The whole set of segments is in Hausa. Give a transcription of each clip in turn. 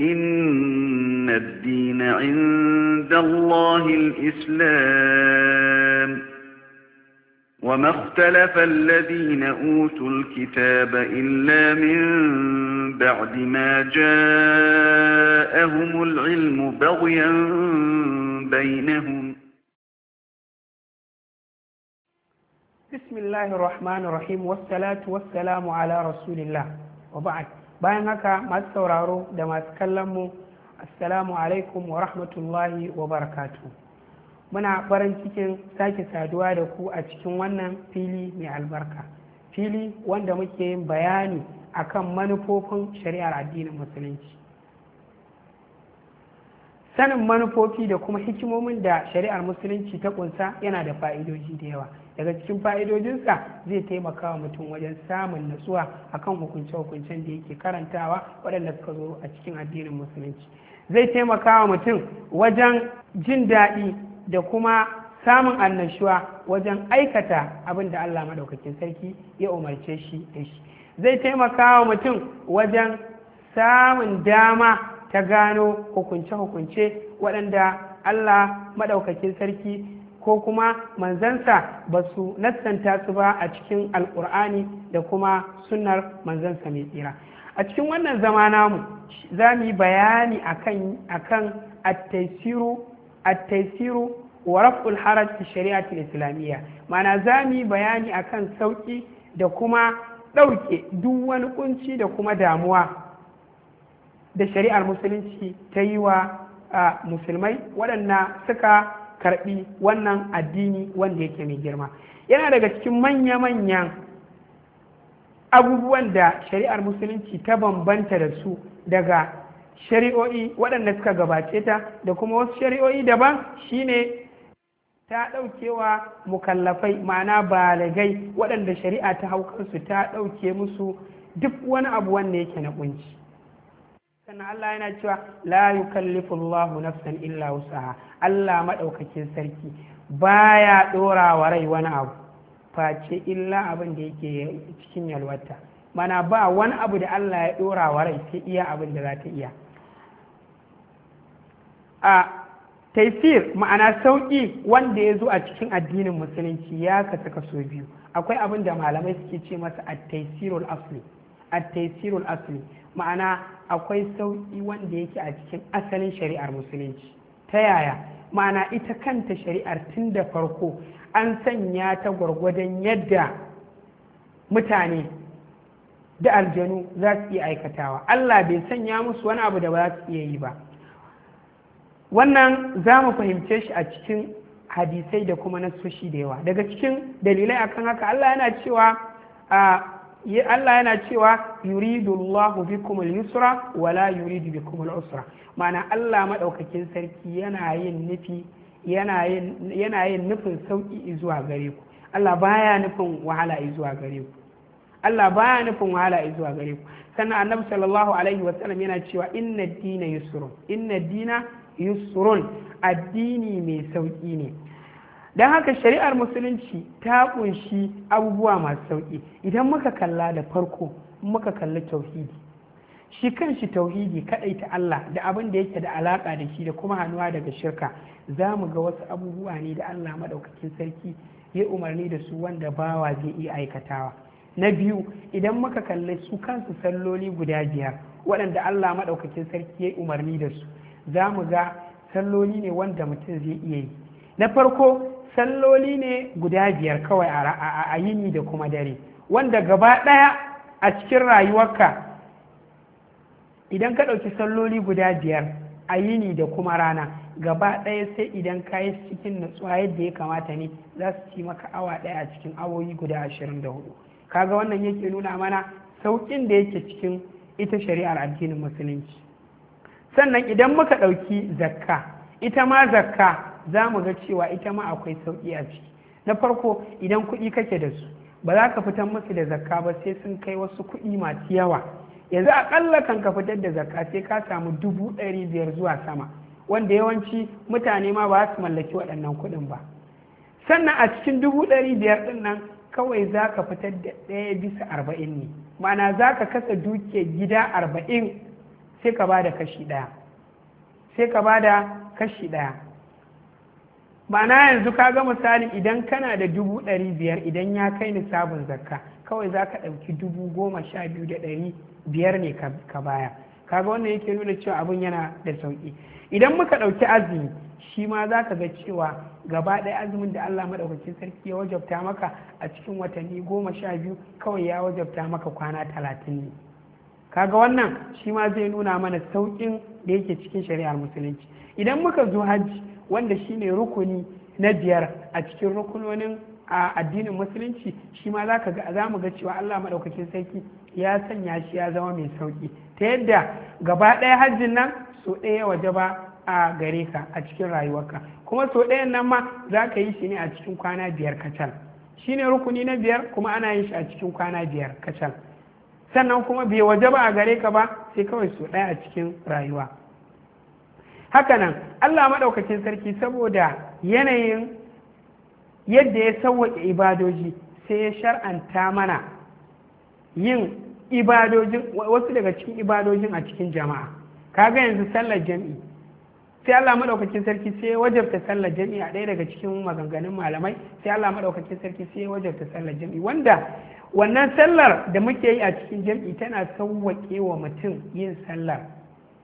إن الدين عند الله الإسلام وما اختلف الذين أوتوا الكتاب إلا من بعد ما جاءهم العلم بغيا بينهم بسم الله الرحمن الرحيم والصلاة والسلام على رسول الله وبعد bayan haka masu sauraro da masu kallon mu assalamu alaikum wa rahmatullahi wa barakatu muna farin cikin sake saduwa da ku a cikin wannan fili mai albarka fili wanda muke yin bayani a kan manufofin shari'ar addinin musulunci sanin manufofi da kuma hikimomin da shari'ar musulunci ta kunsa yana da fa'idoji da yawa daga cikin fa'idojinsa zai taimaka wa mutum wajen samun natsuwa kan hukunce-hukuncen da yake karantawa waɗanda suka zo a cikin addinin musulunci zai taimaka wa mutum wajen jin daɗi da kuma samun annashuwa wajen aikata abin da allah maɗaukakin sarki ya umarce shi da shi zai taimaka wa mutum wajen samun dama ta gano hukunce-hukunce waɗanda allah maɗaukakin sarki ko kuma manzansa ba su nassanta su ba a cikin alkur'ani da kuma sunnar manzansa mai tsira a cikin wannan zama namu za mu yi bayani akan a attaisiru wa raf'ul haraj fi shari'atul islamiyya mana za mu yi bayani akan sauƙi da kuma ɗauke duk wani ƙunci da kuma damuwa da shari'ar musulunci ta yi wa musulmai waɗanda suka karbi wannan addini wanda yake mai girma yana daga cikin manya-manyan abubuwan da shari'ar musulunci ta bambanta da su daga shari'o'i waɗanda suka gabace ta da kuma wasu shari'o'i daban shine ta ɗaukewa mukallafai ma'ana baligai, waɗanda shari'a ta haukansu ta ɗauke musu duk wani abu wanda yake na kunci sannan Allah yana cewa la yukallifu Allahu nafsan illa wusaha Allah madaukakin sarki baya dora wa rai wani abu face illa abin da yake cikin yalwata mana ba wani abu da Allah ya dora wa rai sai iya abin da za ta iya a taifir ma'ana sauƙi wanda ya zo a cikin addinin musulunci ya kasa kaso biyu akwai abin da malamai suke ce masa a taisirul asli at-taysirul asli ma'ana akwai sauƙi wanda yake a cikin asalin shari'ar musulunci ta yaya ma'ana ita kanta shari'ar tun da farko an sanya ta gwargwadon yadda mutane da aljanu za su iya aikatawa Allah bai sanya musu wani abu da ba su iya yi ba wannan za mu fahimce shi a cikin hadisai da kuma nasoshi da yawa daga cikin dalilai akan haka Allah yana cewa Allah yana cewa yuridu Allahu bikum al-yusra wa la yuridu bikum al-usra ma'ana Allah madaukakin sarki yana yin nufi yana yin yana yin nufin sauki zuwa gare ku Allah baya nufin wahala zuwa gare ku Allah baya nufin wahala zuwa gare ku sannan Annabi sallallahu alaihi wa sallam yana cewa inna dina yusrun inna dina yusrun addini mai sauki ne don haka shari'ar musulunci ta kunshi abubuwa masu sauƙi idan muka kalla da farko muka kalli tauhidi shi kanshi tauhidi kadai ta Allah da abin da yake da alaka da shi da kuma hannuwa daga shirka za mu ga wasu abubuwa ne da Allah madaukakin sarki ya umarni da su wanda bawa zai iya aikatawa na biyu idan muka kalli su kansu salloli guda biyar waɗanda Allah maɗaukakin sarki ya umarni da su za mu ga salloli ne wanda mutum zai iya yi na farko salloli ne guda biyar kawai a yini da kuma dare wanda gaba ɗaya a cikin rayuwarka idan ka ɗauki salloli guda biyar a yini da kuma rana gaba ɗaya sai idan ka yi cikin natsuwa yadda ya kamata ne za su ci maka awa ɗaya a cikin awoyi guda ashirin da hudu kaga wannan yake nuna mana sauƙin da yake cikin ita shari'ar addinin musulunci sannan idan muka ɗauki zakka ita ma zakka za mu ga cewa ita ma akwai sauƙi a ciki na farko idan kuɗi kake da su ba za ka fitar musu da zakka ba sai sun kai wasu kuɗi masu yawa yanzu aƙalla kan ka fitar da zakka sai ka samu dubu ɗari biyar zuwa sama wanda yawanci mutane ma ba su mallaki waɗannan kuɗin ba sannan a cikin dubu ɗari biyar ɗin nan kawai za ka fitar da ɗaya bisa arba'in ne ma'ana za ka kasa duke gida arba'in sai ka ba da kashi ɗaya sai ka ba da kashi ɗaya ma'ana yanzu kaga misali idan kana da dubu ɗari biyar idan ya kai nisabin zakka kawai za ka ɗauki dubu goma sha biyu da ɗari biyar ne ka baya kaga wannan yake nuna cewa abin yana da sauƙi idan muka ɗauki azumi shi ma za ka ga cewa gaba ɗaya azumin da allah maɗaukakin sarki ya wajabta maka a cikin watanni goma sha biyu kawai ya wajabta maka kwana talatin ne kaga wannan shi ma zai nuna mana sauƙin da yake cikin shari'ar musulunci idan muka zo hajji wanda shi ne rukuni na biyar a cikin rukunonin a addinin musulunci shi ma za ga mu ga cewa Allah maɗaukakin sarki ya sanya shi ya zama mai sauƙi ta yadda gaba ɗaya hajjin nan so ɗaya waje ba a gare ka a cikin rayuwarka kuma so ɗayan nan ma za ka yi shi ne a cikin kwana biyar kacal shi ne rukuni na biyar kuma ana yin shi a cikin kwana biyar kacal sannan kuma bai waje ba a gare ka ba sai kawai so ɗaya a cikin rayuwa hakanan Allah maɗaukakin sarki saboda yanayin yadda ya sauwaƙe ibadoji sai ya shar'anta mana yin ibadojin wasu daga cikin ibadojin a cikin jama'a kaga yanzu sallar jam'i sai Allah maɗaukakin sarki sai ya wajabta sallar jam'i a ɗaya daga cikin maganganun malamai sai Allah maɗaukakin sarki sai ya wajabta sallar jam'i wanda wannan sallar da muke yi a cikin jam'i tana sauwaƙe wa mutum yin sallar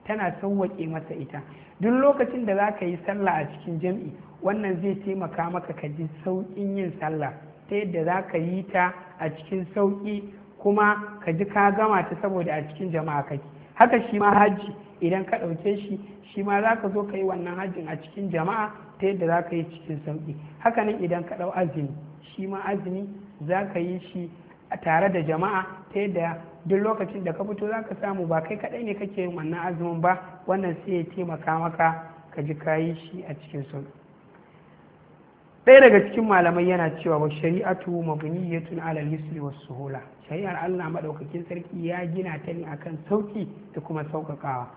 tana sauwaƙe masa ita duk lokacin da za ka yi sallah a cikin jam'i wannan zai taimaka maka ka ji sauƙin yin sallah ta yadda za ka yi ta a cikin sauƙi kuma ka ji ka gama ta saboda a cikin jama'a kake haka shi ma hajji idan ka ɗauke shi shi ma za ka zo ka yi wannan hajjin a cikin jama'a ta yadda za ka yi cikin sauƙi haka nan idan ka ɗau azumi shi ma azumi za ka yi shi tare da jama'a ta yadda duk lokacin da ka fito za ka samu ba kai kaɗai ne kake yin wannan azumin ba wannan sai ya taimaka maka ka ji kayi shi a cikin sun ɗaya daga cikin malamai yana cewa wa shari'atu mabniyatun ala yusri was suhula shari'ar Allah madaukakin sarki ya gina ta ne akan sauki da kuma sauƙaƙawa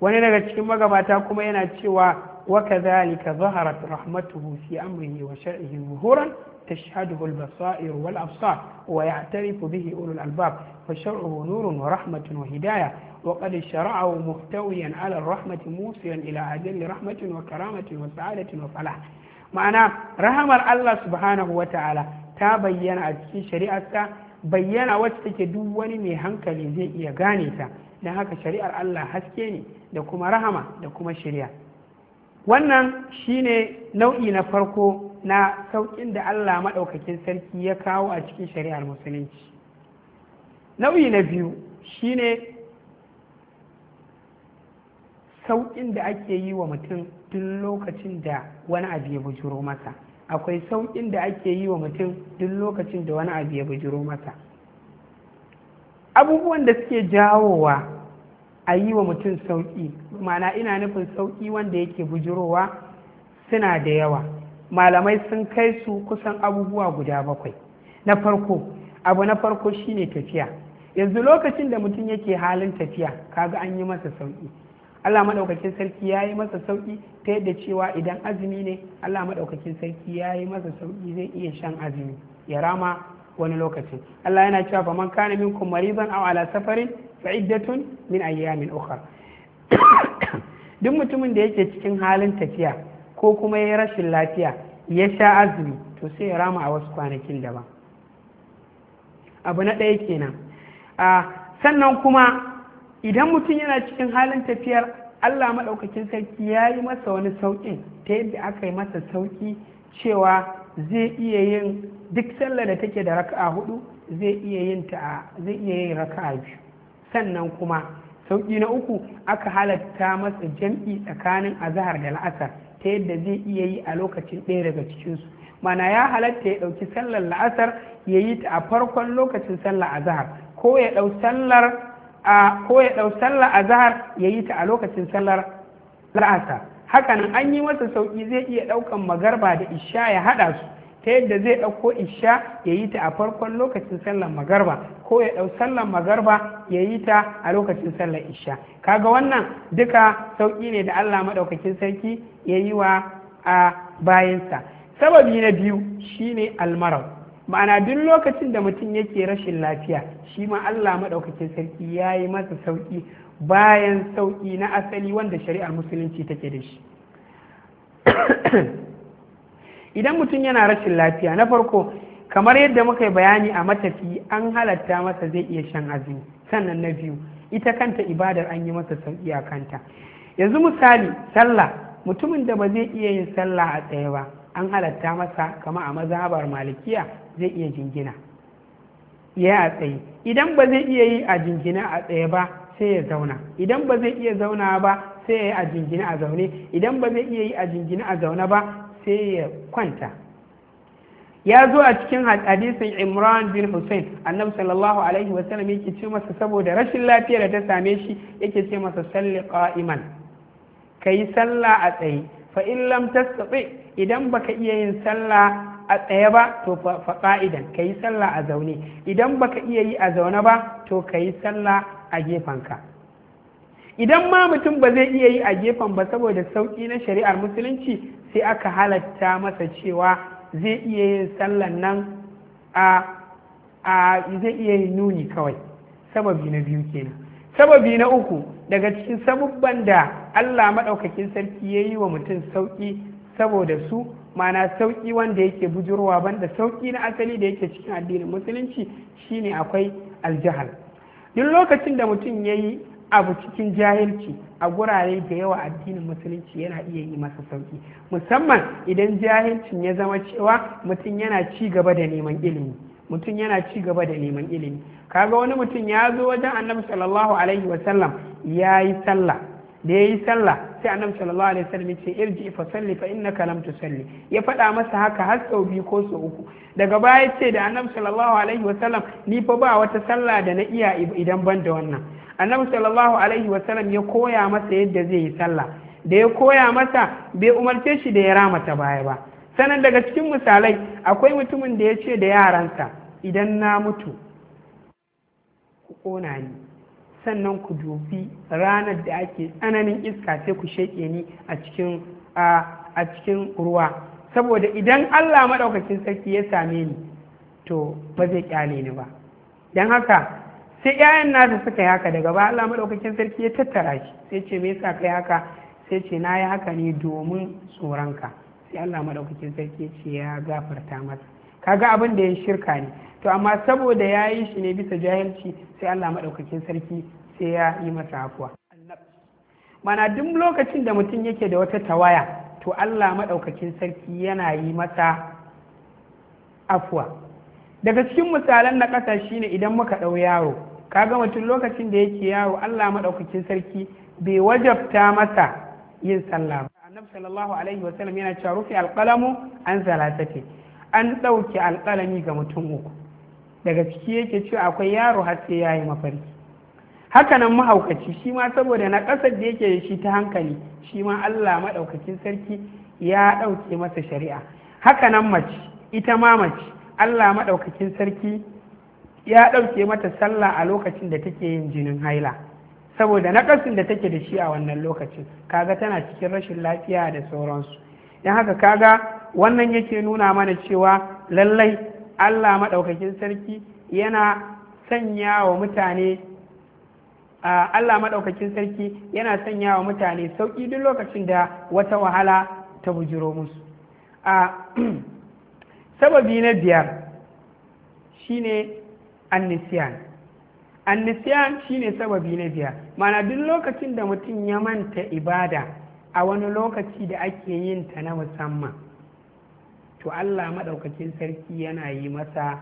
wani daga cikin magabata kuma yana cewa wa kadhalika zaharat rahmatuhu fi amrihi wa shar'ihi zuhuran تشهده البصائر والأبصار ويعترف به أولو الألباب فشرعه نور ورحمة وهداية وقد شرعه محتويا على الرحمة موصلا إلى أجل رحمة وكرامة وسعادة وفلاح معنى رحمة الله سبحانه وتعالى تبين أتكي شريعة bayyana wacce take duk wani mai hankali zai iya gane ta don haka shari'ar Allah haske ne da kuma rahama da kuma shirya wannan shine nau'i na farko na sauƙin da Allah maɗaukakin sarki ya kawo a cikin shari'ar musulunci nau'i na biyu shi ne sauƙin da ake yi wa mutum duk lokacin da wani abu ya bujuro masa akwai sauƙin da ake yi wa mutum duk lokacin da wani abu ya bujuro masa abubuwan da suke jawowa a yi wa mutum sauƙi mana ina nufin sauƙi wanda yake bujurowa suna da yawa malamai sun kai su kusan abubuwa guda bakwai na farko abu na farko shine tafiya yanzu lokacin da mutum yake halin tafiya kaga an yi masa sauki Allah maɗaukakin sarki ya yi masa sauki ta yadda cewa idan azumi ne Allah maɗaukakin sarki ya yi masa sauki zai iya shan azumi ya rama wani lokacin Allah yana cewa faman kana minkum maridan aw ala safarin fa iddatun min ayyamin ukhra duk mutumin da yake cikin halin tafiya ko kuma ya yi rashin lafiya ya sha azumi to sai ya rama a wasu kwanakin daban abu na ɗaya kenan sannan kuma idan mutum yana cikin halin tafiyar allah maɗaukakin sarki ya yi masa wani sauƙin ta yadda aka yi masa sauƙi cewa zai iya yin duk sallar da take da raka'a hudu zai iya yin ta zai iya yin raka'a biyu sannan kuma sauƙi na uku aka halatta masa jam'i tsakanin azahar da la'asar ta yadda zai iya yi a lokacin ɗaya daga cikinsu mana ya halatta ya ɗauki sallar la'asar ya yi ta a farkon lokacin sallar azahar ko ya ɗau sallar a zahar ya yi ta a lokacin sallar la'asar hakanan an yi masa sauƙi zai iya ɗaukan magarba da isha ya haɗa su ta yadda zai ɗauko isha ya yi ta a farkon lokacin sallar magarba ko ya ɗau sallar magarba ya yi ta a lokacin sallar isha kaga wannan duka sauƙi ne da allah maɗaukakin sarki ya yi wa a bayansa sababi na biyu shi ne almarau ma'ana duk lokacin da mutum yake rashin lafiya shi ma allah maɗaukakin sarki ya yi masa sauƙi bayan sauƙi na asali wanda shari'ar musulunci take da shi idan mutum yana rashin lafiya na farko kamar yadda muka yi bayani a matafi an halatta masa zai iya shan azumi sannan na biyu ita kanta ibadar an yi masa sauƙi a kanta yanzu misali sallah mutumin da ba zai iya yin sallah a tsaye ba an halatta masa kama a mazhabar malikiya zai iya jingina ya a tsaye idan ba zai iya yi a jingina a tsaye ba sai ya zauna idan ba zai iya zauna ba sai ya yi a jingina a zaune idan ba zai iya yi a jingina a zaune ba sai ya kwanta ya zo a cikin hadisin imran bin hussein annabi sallallahu alaihi wasallam yake ce masa saboda rashin lafiyar da ta same shi yake ce masa salli qa'iman kai sallah a tsaye fa in lam tastati idan baka iya yin sallah a tsaye ba to fa qa'idan kai sallah a zaune idan baka iya yi a zaune ba to kai sallah a gefanka idan ma mutum ba zai iya yi a gefen ba saboda sauƙi na shari'ar musulunci sai aka halatta masa cewa zai iya yin sallan nan a zai iya yin nuni kawai sababi na biyu kenan sababi na uku daga cikin sabubban da Allah maɗaukakin sarki ya yi wa mutum sauƙi saboda su mana sauƙi wanda yake bujurwa banda sauƙi na asali da yake cikin addinin musulunci shine akwai aljihal duk lokacin da mutum ya yi abu cikin jahilci a gurare da yawa addinin musulunci yana iya yi masa sauki musamman idan jahilcin ya zama cewa mutum yana ci gaba da neman ilimi mutum yana ci gaba da neman ilimi kaga wani mutum ya zo wajen annabi sallallahu alaihi wasallam ya yi sallah da ya yi sallah sai annabi sallallahu alaihi wasallam ya ce irji fa salli fa innaka lam tusalli ya faɗa masa haka har sau biyu ko sau uku daga baya ce da annabi sallallahu alaihi wasallam ni fa ba wata sallah da na iya idan ban da wannan annabi sallallahu alaihi wasallam ya koya masa yadda zai yi sallah da ya koya masa bai umarce shi da ya ramata baya ba sanan daga cikin misalai akwai mutumin da ya ce da yaransa idan na mutu ku kona ni sannan ku dubi ranar da ake tsananin iska sai ku sheƙe ni a cikin a cikin ruwa saboda idan Allah maɗaukakin sarki ya same ni to ba zai ƙyale ni ba don haka sai 'ya'yan nasu suka yi haka daga ba Allah madaukakin sarki ya tattara shi sai ce me yasa kai haka sai ce na yi haka ne domin tsoronka sai Allah madaukakin sarki ce ya gafarta masa kaga abin da ya shirka ne to amma saboda ya yi shi ne bisa jahilci sai Allah madaukakin sarki sai ya yi masa afuwa mana duk lokacin da mutum yake da wata tawaya to Allah madaukakin sarki yana yi masa afuwa daga cikin misalan na ƙasa shine idan muka ɗau yaro Ka kaga mutum lokacin da yake yawo Allah maɗaukakin sarki bai wajabta masa yin sallah ba annabi sallallahu alaihi wasallam yana cewa rufe alqalamu an salatati an ɗauke alqalami ga mutum uku daga ciki yake cewa akwai yaro har sai yayi mafarki hakanan mahaukaci shi ma saboda na ƙasar da yake da shi ta hankali shi ma Allah maɗaukakin sarki ya ɗauke masa shari'a hakanan mace ita ma mace Allah maɗaukakin sarki ya ɗauke mata sallah a lokacin da take yin jinin haila saboda naƙasin da take da shi a wannan lokacin kaga tana cikin rashin lafiya da sauransu don haka kaga wannan yake nuna mana cewa lallai allah maɗaukakin sarki yana sanya wa mutane allah maɗaukakin sarki yana sanya wa mutane sauƙi duk lokacin da wata wahala ta bujiro musu a sababi na biyar shine annisiyan annisiyan shine sababi na biya mana duk lokacin da mutum ya manta ibada a wani lokaci da ake yin ta na musamman to allah maɗaukakin sarki yana yi masa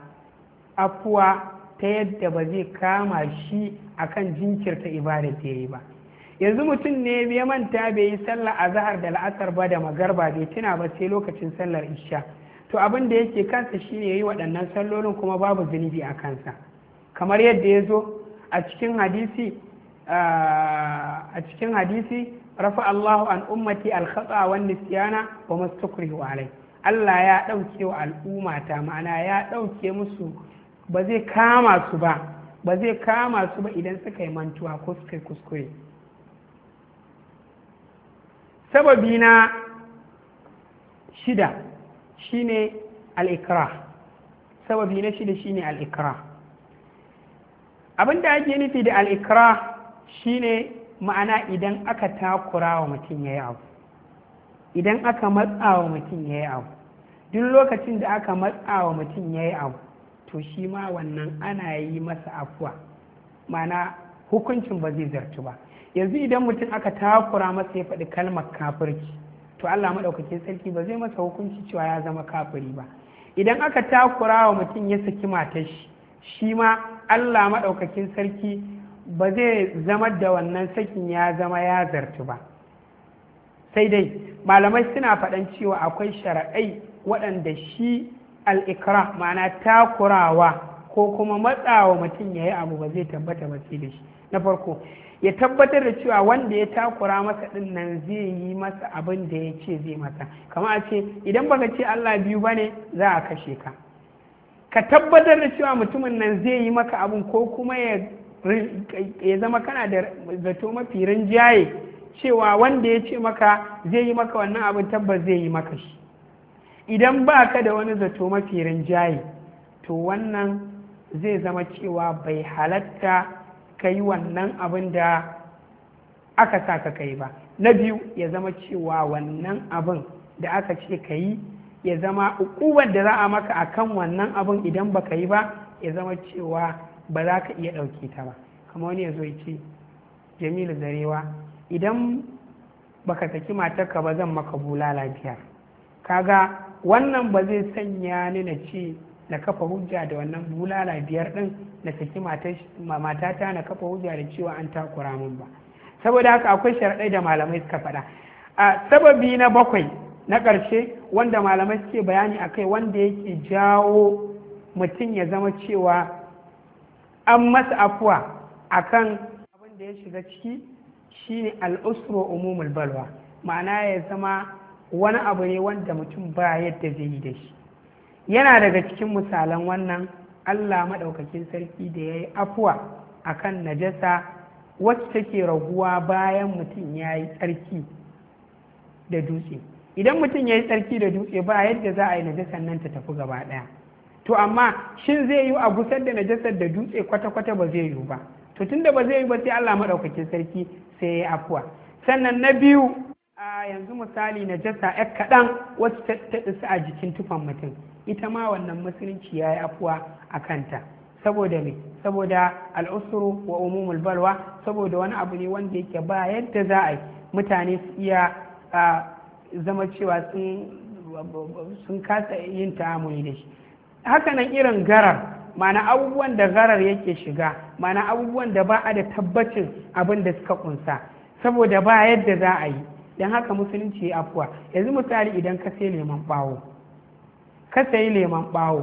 afuwa ta yadda ba zai kama shi a kan jinkirta ibada ta yi ba yanzu mutum ne ya manta bai yi sallar zahar da la'asar ba da magarba bai tuna ba sai lokacin sallar isha to abin da yake kansa shine yi waɗannan sallolin kuma babu zunubi a kansa kamar yadda ya zo a cikin hadisi a cikin hadisi rafa Allahu an ummati al-khata wa nisyana wa alai Allah ya ɗauke wa al'umma ta ma'ana ya ɗauke musu ba zai kama su ba ba zai kama su ba idan suka yi mantuwa ko suka yi kuskure sababi na shida shine al'ikra sababi na shida shine al'ikra abinda ake nufi da al'ikra shine ma'ana idan aka takura wa mutum ya yi abu idan aka matsa wa mutum ya yi abu duk lokacin da aka matsa wa mutum ya yi abu to shi ma wannan ana yi masa afuwa ma'ana hukuncin ba zai zartu ba yanzu idan mutum aka takura masa ya faɗi kalmar kafirci to Allah maɗaukacin sarki ba zai masa hukunci cewa ya zama kafiri ba idan aka takura wa mutum ya saki matar shi shi ma Allah maɗaukakin sarki ba zai zama da wannan sakin ya zama ya zartu ba sai dai malamai suna faɗan cewa akwai shara'ai waɗanda shi al'ikra ma'ana takurawa ko kuma matsawa mutum ya yi abu ba zai tabbata ba da shi na farko ya tabbatar da cewa wanda ya takura masa din nan zai yi masa abin da ya ce zai masa kama a ce idan baka ce Allah biyu ba ne za a kashe ka ka tabbatar da cewa mutumin nan zai yi maka abin ko kuma ya zama kana da zato mafi rinjaye cewa wanda ya ce maka zai yi maka wannan abin tabbas zai yi maka shi idan ba ka da wani zato mafi rinjaye to wannan zai zama cewa bai halatta ka yi wannan abin da aka sa ka kai ba na biyu ya zama cewa wannan abin da aka ce ka yi ya zama ukuwar da za a maka a kan wannan abin idan ba ka yi ba ya zama cewa ba za ka iya ɗauke ta ba kama wani ya zo ya ce jamilu zarewa idan baka saki ka ba zan maka bulala biyar kaga wannan ba zai sanya ni na ce na kafa hujja da wannan bulala biyar ɗin na saki matata na kafa hujja da cewa an takura min ba saboda haka akwai sharaɗai da malamai suka faɗa a sababi na bakwai na ƙarshe wanda malamai suke bayani a kai wanda yake jawo mutum ya zama cewa an masa afuwa a kan abin da ya shiga ciki shine al'usro umumul balwa ma'ana ya zama wani abu ne wanda mutum ba yadda zai yi da shi yana daga cikin misalan wannan allah maɗaukakin sarki da ya yi afuwa a kan najasa wacce take raguwa bayan mutum ya yi tsarki da dutse idan mutum ya yi tsarki da dutse ba yadda za a yi najasar nan ta tafi gaba ɗaya to amma shin zai yi a gusar da najasar da dutse kwata-kwata ba zai yi ba to tunda ba zai yi ba sai allah maɗaukakin sarki sai ya yi afuwa sannan na biyu a yanzu misali najasa 'yar kaɗan wasu ta a jikin tufan mutum ita ma wannan musulunci ya yi afuwa a kanta saboda me saboda al'usuru wa umumul balwa saboda wani abu ne wanda yake ba yadda za a yi mutane su iya zama cewa sun kasa yin ta'amuli da shi hakanan irin garar mana abubuwan da garar yake shiga mana abubuwan da ba a da tabbacin abin da suka kunsa saboda ba yadda za a yi don haka musulunci ya afuwa yanzu misali idan ka sai leman bawo ka sayi leman ɓawo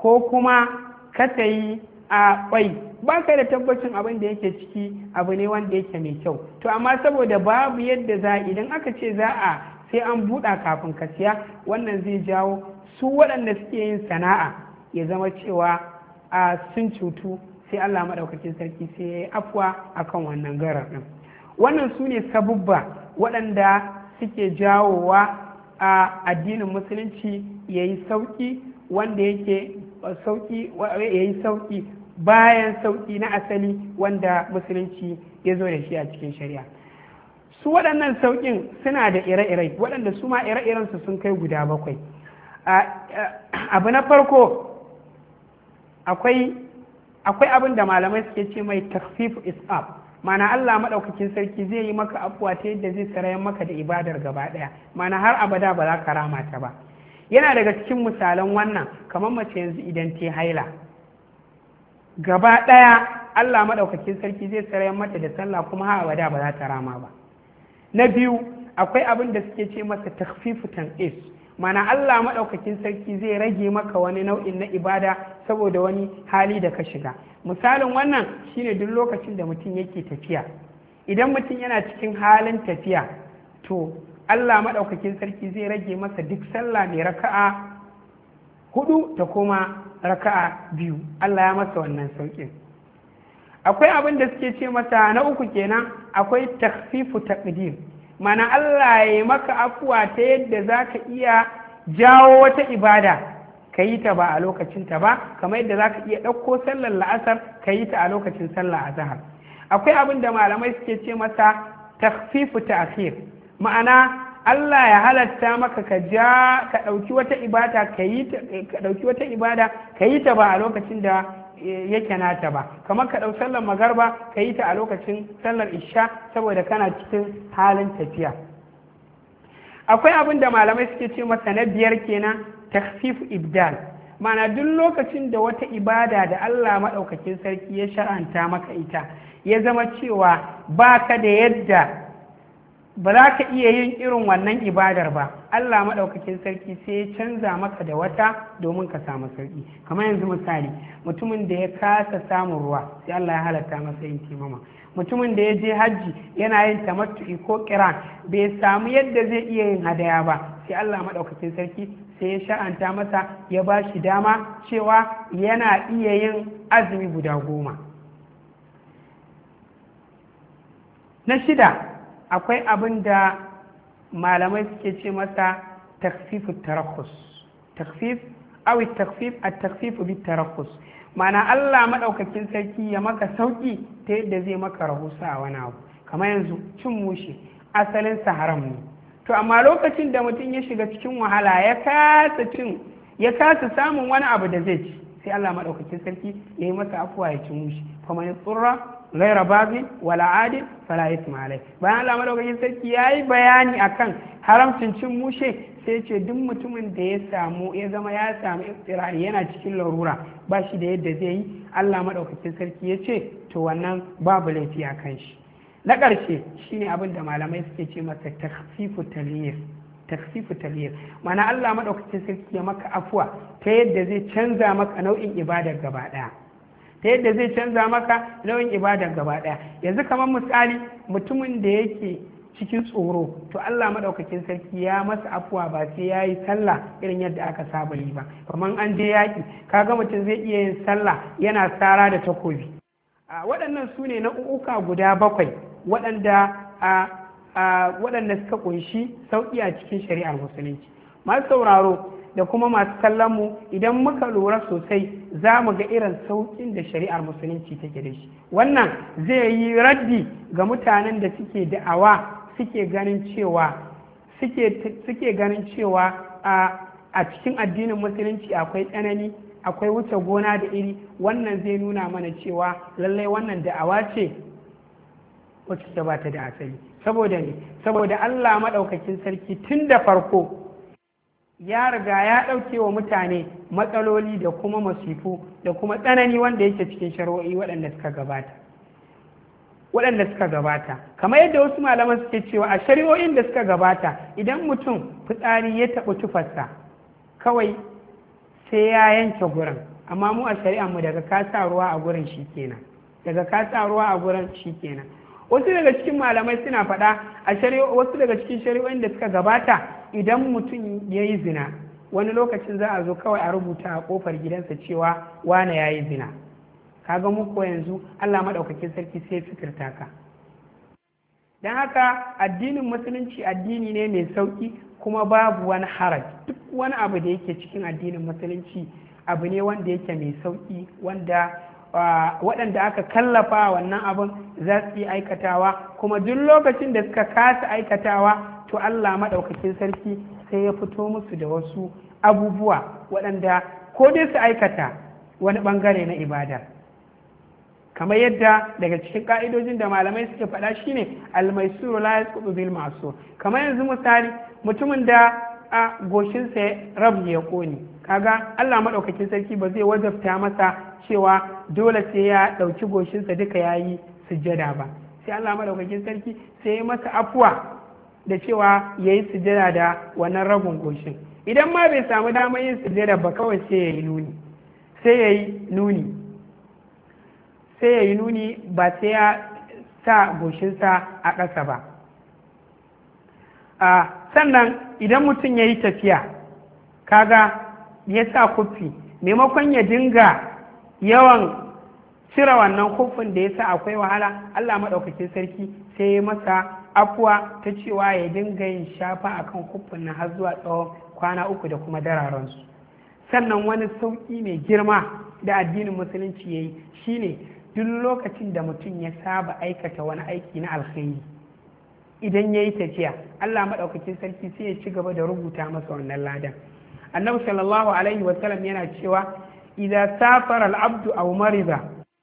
ko kuma ka sayi a ɓai ba ka da tabbacin abin da yake ciki abu ne wanda yake mai kyau to amma saboda babu yadda za idan aka ce za a sai an buɗa kafin ka siya wannan zai jawo su waɗanda suke yin sana'a ya zama cewa a sun cutu sai allah maɗaukacin sarki sai ya yi afuwa kan wannan garar ɗin wannan su ne sabubba waɗanda suke jawowa a addinin musulunci Yayi sauki wanda yake sauki yayi sauki bayan sauki na asali wanda musulunci ya zo da shi a cikin shari'a su waɗannan sauƙin suna da ire-irai waɗanda su ma ire-irensu sun kai guda bakwai abu na farko akwai abin da malamai suke ce mai takfif isaf mana Allah maɗaukakin sarki zai yi maka afuwa ta yadda zai sarayen maka da ibadar gaba ɗaya mana har abada ba za ka rama ta ba yana daga cikin misalan wannan kamar mace yanzu idan ta haila gaba ɗaya allah maɗaukakin sarki zai sarayen mata da sallah kuma ha abada ba za ta rama ba na biyu akwai abin da suke ce masa takfifu is mana allah maɗaukakin sarki zai rage maka wani nau'in na ibada saboda wani hali da ka shiga misalin wannan shine duk lokacin da mutum yake tafiya idan mutum yana cikin halin tafiya to Allah maɗaukakin sarki zai rage masa duk sallah mai raka'a hudu ta kuma raka'a biyu Allah ya masa wannan sauƙin akwai abin da suke ce masa na uku kenan akwai takfifu taqdim mana Allah ya maka afuwa ta yadda za ka iya jawo wata ibada ka yi ta ba a lokacin ta ba kamar yadda za ka iya ɗauko sallar la'asar ka yi ta a lokacin sallar zahar akwai abin da malamai suke ce masa takfifu ta'khir ma'ana Allah ya halatta maka ka ja ka ɗauki wata ibada ka yi wata ibada ka yi ta ba a lokacin da eh, yake nata ba kamar ka ɗau sallar magarba ka yi ta a lokacin sallar isha saboda kana cikin halin tafiya akwai abin da malamai suke ce masa na biyar kenan takfif ibdal ma'ana duk lokacin da wata ibada da Allah maɗaukakin sarki ya shar'anta maka ita ya zama cewa baka da yadda ba za ka iya yin irin wannan ibadar ba Allah maɗaukakin sarki sai ya canza maka da wata domin ka samu sarki kamar yanzu misali mutumin da ya kasa samun ruwa sai Allah ya halatta masa yin kimama mutumin da ya je hajji yana yin tamattu'i ko kiran bai samu yadda zai iya yin hadaya ba sai Allah maɗaukakin sarki sai ya sha'anta masa ya ba shi dama cewa yana iya yin azumi guda goma na shida akwai abin da malamai suke ce masa takfifu tarakus takfif awi takfif a takfifu bi tarakus mana Allah maɗaukakin sarki ya maka sauƙi ta yadda zai maka rahusa a wani abu kamar yanzu cin mushe asalin sa haram to amma lokacin da mutum ya shiga cikin wahala ya kasa cin ya kasa samun wani abu da zai ci sai Allah maɗaukakin sarki ya yi masa afuwa ya ci mushe Kamar man tsura laira babi wala adi fala isma alai bayan Allah madaukakin sarki yayi bayani akan haramcin cin mushe sai ce duk mutumin da ya samu ya zama ya samu iftirari yana cikin larura ba shi da yadda zai yi Allah madaukakin sarki ya ce to wannan babu laifi a kan shi na ƙarshe shine abin da malamai suke ce masa takfifu taksifu taliyar mana Allah maɗaukacin sarki ya maka afuwa ta yadda zai canza maka nau'in ibadar gaba ɗaya ta yadda zai canza maka nauyin ibadan gaba ɗaya yanzu kamar misali mutumin da yake cikin tsoro to Allah madaukakin sarki ya masa afuwa ba sai ya yi sallah irin yadda aka saba yi ba kamar an je yaƙi kaga mutum zai iya yin sallah yana tsara da takobi waɗannan su ne na'u'uka guda bakwai waɗanda waɗanda suka ƙunshi sauƙi a cikin shari'ar musulunci masu sauraro da kuma masu kallon mu idan muka lura sosai za mu ga irin sauƙin da shari'ar musulunci take da shi wannan zai yi raddi ga mutanen da suke da'awa suke ganin cewa suke ganin cewa a cikin addinin musulunci akwai tsanani akwai wuce gona da iri wannan zai nuna mana cewa lallai wannan da'awa ce wacce ta ba da asali saboda ne saboda allah maɗaukakin sarki tun da farko ya riga ya ɗauke wa mutane matsaloli da kuma masifu da kuma tsanani wanda yake cikin shari'o'i waɗanda suka gabata waɗanda suka gabata kamar yadda wasu malaman suke cewa a shari'o'in da suka gabata idan mutum fitsari ya taɓa tufarsa kawai sai ya yanke gurin amma mu a shari'anmu daga ka sa ruwa a gurin shi kenan daga ka sa ruwa a gurin shi kenan wasu daga cikin malamai suna faɗa a wasu daga cikin shari'o'in da suka gabata idan mutum ya yi zina wani lokacin za a zo kawai a rubuta a kofar gidansa cewa wane ya yi zina ga muku yanzu allah maɗaukakin sarki sai fikirta ka don haka addinin musulunci addini ne mai sauƙi kuma babu wani haraj duk wani abu da yake cikin addinin musulunci abu ne wanda yake mai sauƙi wanda waɗanda aka kallafa wannan abin za su yi aikatawa kuma duk lokacin da suka kasa aikatawa to Allah maɗaukakin sarki sai ya fito musu da wasu abubuwa waɗanda ko dai su aikata wani ɓangare na ibada kamar yadda daga cikin ƙa'idojin da malamai suke faɗa shine almaisuru la yasqutu bil masu kamar yanzu misali mutumin da a goshinsa ya rabu ya ƙone kaga Allah maɗaukakin sarki ba zai wajabta masa cewa dole sai ya ɗauki goshinsa duka ya yi sujjada ba sai Allah maɗaukakin sarki sai ya masa afuwa da cewa ya yi sujjada da wannan rabin goshin idan ma bai samu damar yin sujjada ba kawai sai ya yi nuni sai ya yi nuni sai ya yi nuni ba sai ya sa goshinsa a ƙasa ba sannan idan mutum ya yi tafiya kaga ya sa kufi maimakon ya dinga yawan cire wannan kufin da ya sa akwai wahala Allah maɗaukakin sarki sai ya masa afuwa ta cewa ya dinga yin shafa akan kufin na har zuwa tsawon kwana uku da kuma dararansu sannan wani sauƙi mai girma da addinin musulunci ya yi shine duk lokacin da mutum ya saba aikata wani aiki na alkhairi idan ya yi tafiya allah maɗaukakin sarki sai ya ci gaba da rubuta masa wannan ladan annabi sallallahu alaihi wasallam yana cewa idza safara al-abdu aw marida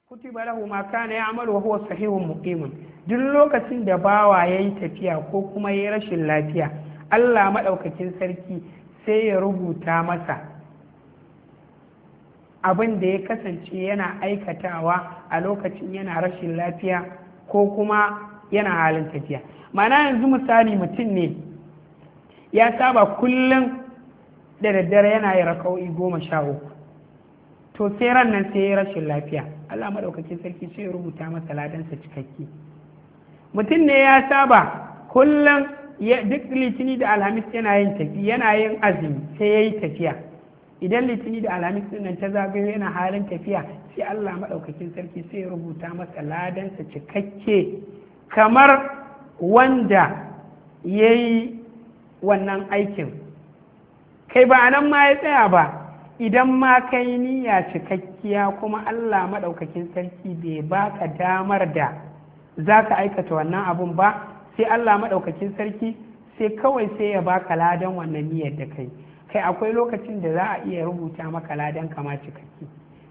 kutiba lahu ma kana ya'malu wa huwa sahihun muqimun duk lokacin da bawa yayi tafiya ko kuma yayi rashin lafiya Allah madaukakin sarki sai ya rubuta masa abin da ya kasance yana aikatawa a lokacin yana rashin lafiya ko kuma yana halin tafiya ma'ana yanzu misali mutum ne ya saba kullum da daddare yana yi raka'o'i goma sha uku to sai ran nan sai ya rashin lafiya Allah madaukakin sarki sai ya rubuta masa ladansa cikakke mutum ne ya saba kullum duk litini da alhamis yana yin tafi yana yin azumi sai ya yi tafiya idan litini da alhamis din nan ta zagayo yana halin tafiya sai Allah madaukakin sarki sai ya rubuta masa ladansa cikakke kamar wanda ya yi wannan aikin kai ba nan ma ya tsaya ba idan ma kai niyya cikakkiya kuma Allah maɗaukakin sarki bai baka damar da za ka aikata wannan abun ba sai Allah maɗaukakin sarki sai kawai sai ya baka ladan wannan niyyar da kai kai akwai lokacin da za a iya rubuta maka ladan kama cikakki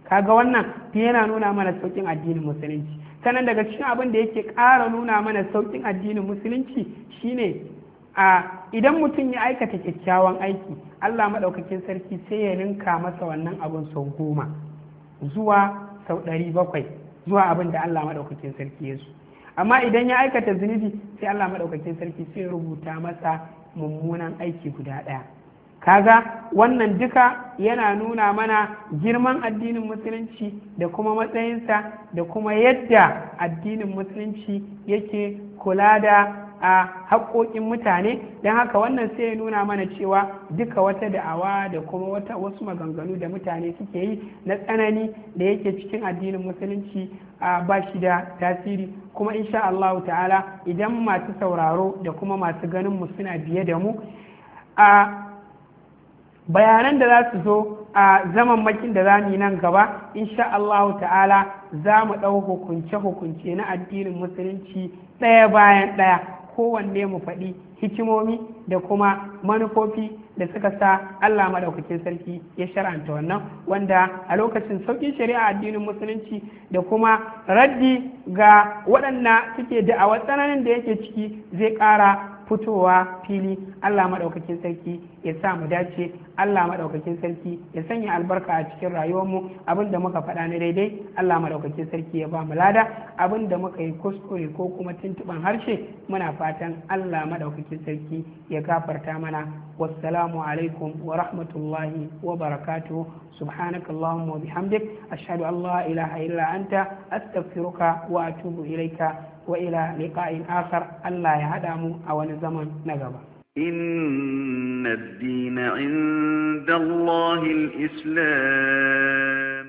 kaga wannan yana nuna mana saukin addinin musulunci sannan daga cikin abin da yake ƙara nuna mana saukin addinin musulunci shine a idan mutum ya aikata kyakkyawan aiki allah maɗaukakin sarki sai ya ninka masa wannan abin sau goma zuwa sau ɗari bakwai zuwa abin da allah maɗaukakin sarki ya su amma idan ya aikata zunubi sai allah maɗaukakin sarki sai ya rubuta masa mummunan aiki guda ɗaya kaga wannan duka yana nuna mana girman addinin musulunci da kuma matsayinsa da kuma yadda addinin musulunci yake kula da a haƙoƙin mutane don haka wannan sai ya nuna mana cewa duka wata da'awa da kuma wata wasu maganganu da mutane suke yi na tsanani da yake cikin addinin musulunci a ba shi da tasiri kuma insha Allah ta'ala idan masu sauraro da kuma masu ganin mu suna biye da mu a bayanan da za su zo a zaman makin da za mu yi nan gaba insha Allah ta'ala za mu ɗau hukunce-hukunce na addinin musulunci ɗaya bayan ɗaya kowanne mu faɗi hikimomi da kuma manufofi da suka sa Allah madaukakin sarki ya shar'anta wannan wanda a lokacin sauƙin shari'a addinin musulunci da kuma raddi ga waɗanda suke da a tsananin da yake ciki zai ƙara fitowa fili Allah maɗaukakin sarki ya sa mu dace Allah maɗaukakin sarki ya sanya albarka a cikin rayuwarmu abin da muka faɗa na daidai Allah maɗaukakin sarki ya ba mu lada abin da muka yi kuskure ko kuma tuntuɓan harshe muna fatan Allah maɗaukakin sarki ya gafarta mana wassalamu alaikum wa rahmatullahi wa barakatu سبحانك اللهم وبحمدك أشهد أن لا إله إلا أنت أستغفرك وأتوب إليك وإلى لقاء آخر ألا يهدام أو نزمن نقبا إن الدين عند الله الإسلام